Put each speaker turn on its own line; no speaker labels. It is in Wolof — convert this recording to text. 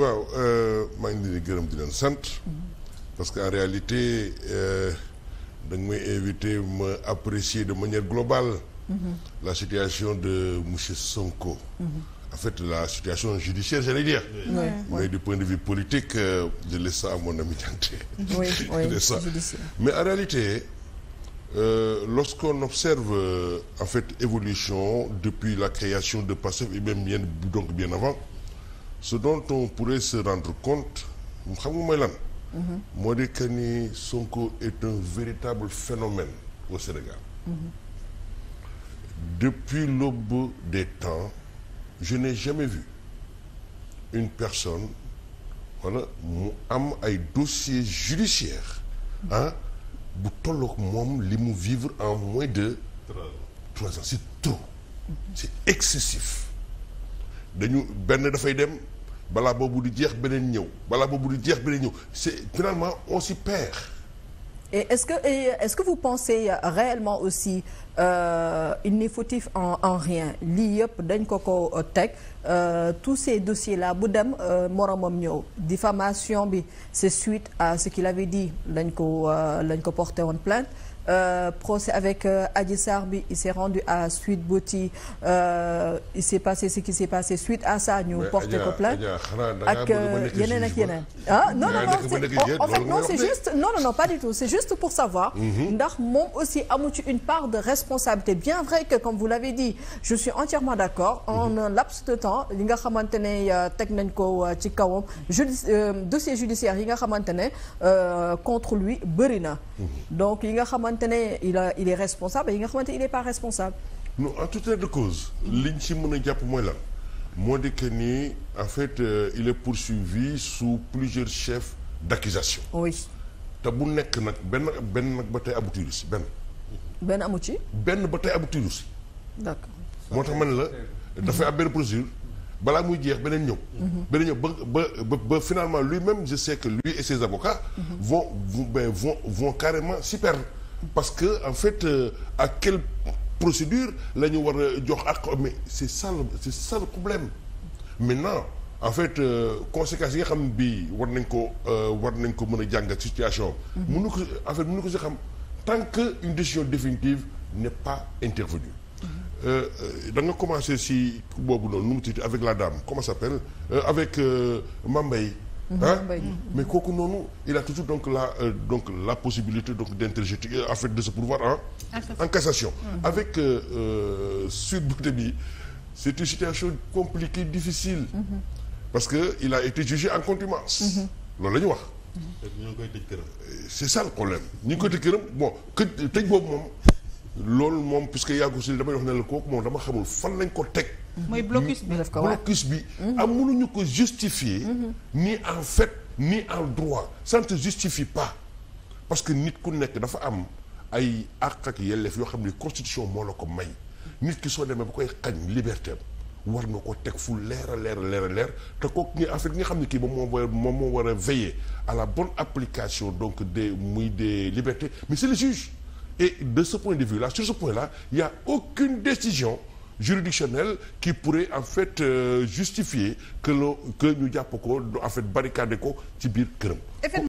waaw euh, maa ngi leen gërëm di leen sant parce que en réalité euh, da nga may invité ma apprécier de manière globale mm-hmm. la situation de monsieur Sonko mm en fait la situation judiciaire j'allais dire oui. Oui. mais oui. du point de vue politique euh, je laisse ça à mon ami Dianté je laisse ça mais en réalité euh, lorsqu'on observe euh, en fait évolution depuis la création de PASTEF et même bien donc bien avant ce dont on pourrait se rendre compte xam nga mooy lan. moo di que ni Sonko est un véritable phénomène au Sénégal. Mm -hmm. depuis l'aube des temps je n'ai jamais vu une personne wala mu am ay dossier judiciaire ah mhm. bu tolloog moom li mu vivre en moins de. c'est trop. Mhm. c'est excessif. dañu benn dafay dem bala boobu du jeex beneen ñëw balaa boobu di jeex beneen ñëw c'est finalement on s'y perd.
et est-ce que et est-ce que vous pensez réellement aussi euh, il n'est fautif en rien lii yëpp dañ ko ko teg euh, tous ces dossiers là bu dem euh, moromam ñëw diffamation bi c'est suite à ce qu'il avait dit lañ ko lañ euh, ko porté woon plainte Euh, procès avec euh, Adji Sarr bi il s'est rendu à Sweet Beauté euh, il s'est passé ce qui s'est passé suite à ça ñu porté ko plainte
ak yeneen ak yeneen ah non non
non en pas du tout c'est juste pour savoir mhm. ndax moom aussi amu ci une part de responsabilité bien vrai que comme vous l'avez dit je suis entièrement d'accord en mhm. un laps de temps li nga xamante ne teg nañ ko ci kawam judi dossier judiciaire yi nga xamante ne contre lui bëri na mhm. xamante ne il a il est responsable yi nga xamante il est pas responsable.
non en tout état de cause. liñ ci mën a jàpp mooy lan. moo di que ni en fait euh, il est poursuivi sous plusieurs chefs d'accusation. oui. te bu nekk nag benn benn nag ba tey abutiru si benn. benn amu ci. benn ba tey abutiru si. d'accord moo tax man la dafay am benn procédure balaa muy jeex beneen ñëw. Mhm. beneen ñëw ba ba ba finalement lui-même je sais que lui et ses avocats. Mhm. vont vont vont, vont carrément s'y perdre. parce que en fait ak euh, à quelle procédure la ñu war a jox ak mais c'est ça c'est ça le problème maintenant en fait euh, conséquences yi nga xam bi war nañ ko euh, war nañ ko mën a jàngat situation mhm. mënu ko en fait mënu ko si xam tant que une décision définitive n'est pas intervenue mhm. euh, da nga commencé si boobu noonu nu mu tudd avec la dame comment ça s'appelle avec Mambay ah mais kooku noonu il a toujours donc la euh, donc la possibilité donc d'interjeter euh, en fait de se pourvoir en en cassation avec euh, Sweet Beauté bi c'est une situation compliquée difficile parce que il a été jugé en contumace loolu la ñu wax c'est ça le problème ñu ngi koy tëj këram bon que tëj boobu moom loolu moom puisque yàggu si damay wax ne la kooku moom dama xamul fan lañ ko teg mooy blocus bi blocus bi. amuñu ah, ko justifier. ni en fait ni en droit sante ne se justifie pas parce que nit ku nekk dafa am ay àq ak yelleef yoo xam ne constitution moo la ko may nit ki soo demee ba koy xañ liberté war nga ko teg fu leer a leer a leer leer te kooku nga en fait nga xam ne kii moom moo war moom moo war a veiller à la bonne application donc des muy des libertés mais c'est le juge et de ce point de vue là sur ce point là il aucune décision. juridictionnel qui pourrait en fait euh, justifier que loo que ñu jàpp ko en fait barricade ko ci biir këram